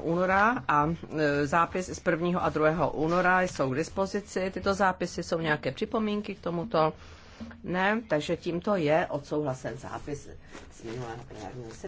února a e, zápis z 1. a 2. února jsou k dispozici. Tyto zápisy jsou nějaké připomínky k tomuto? Ne, takže tímto je odsouhlasen zápis z minulého plenárního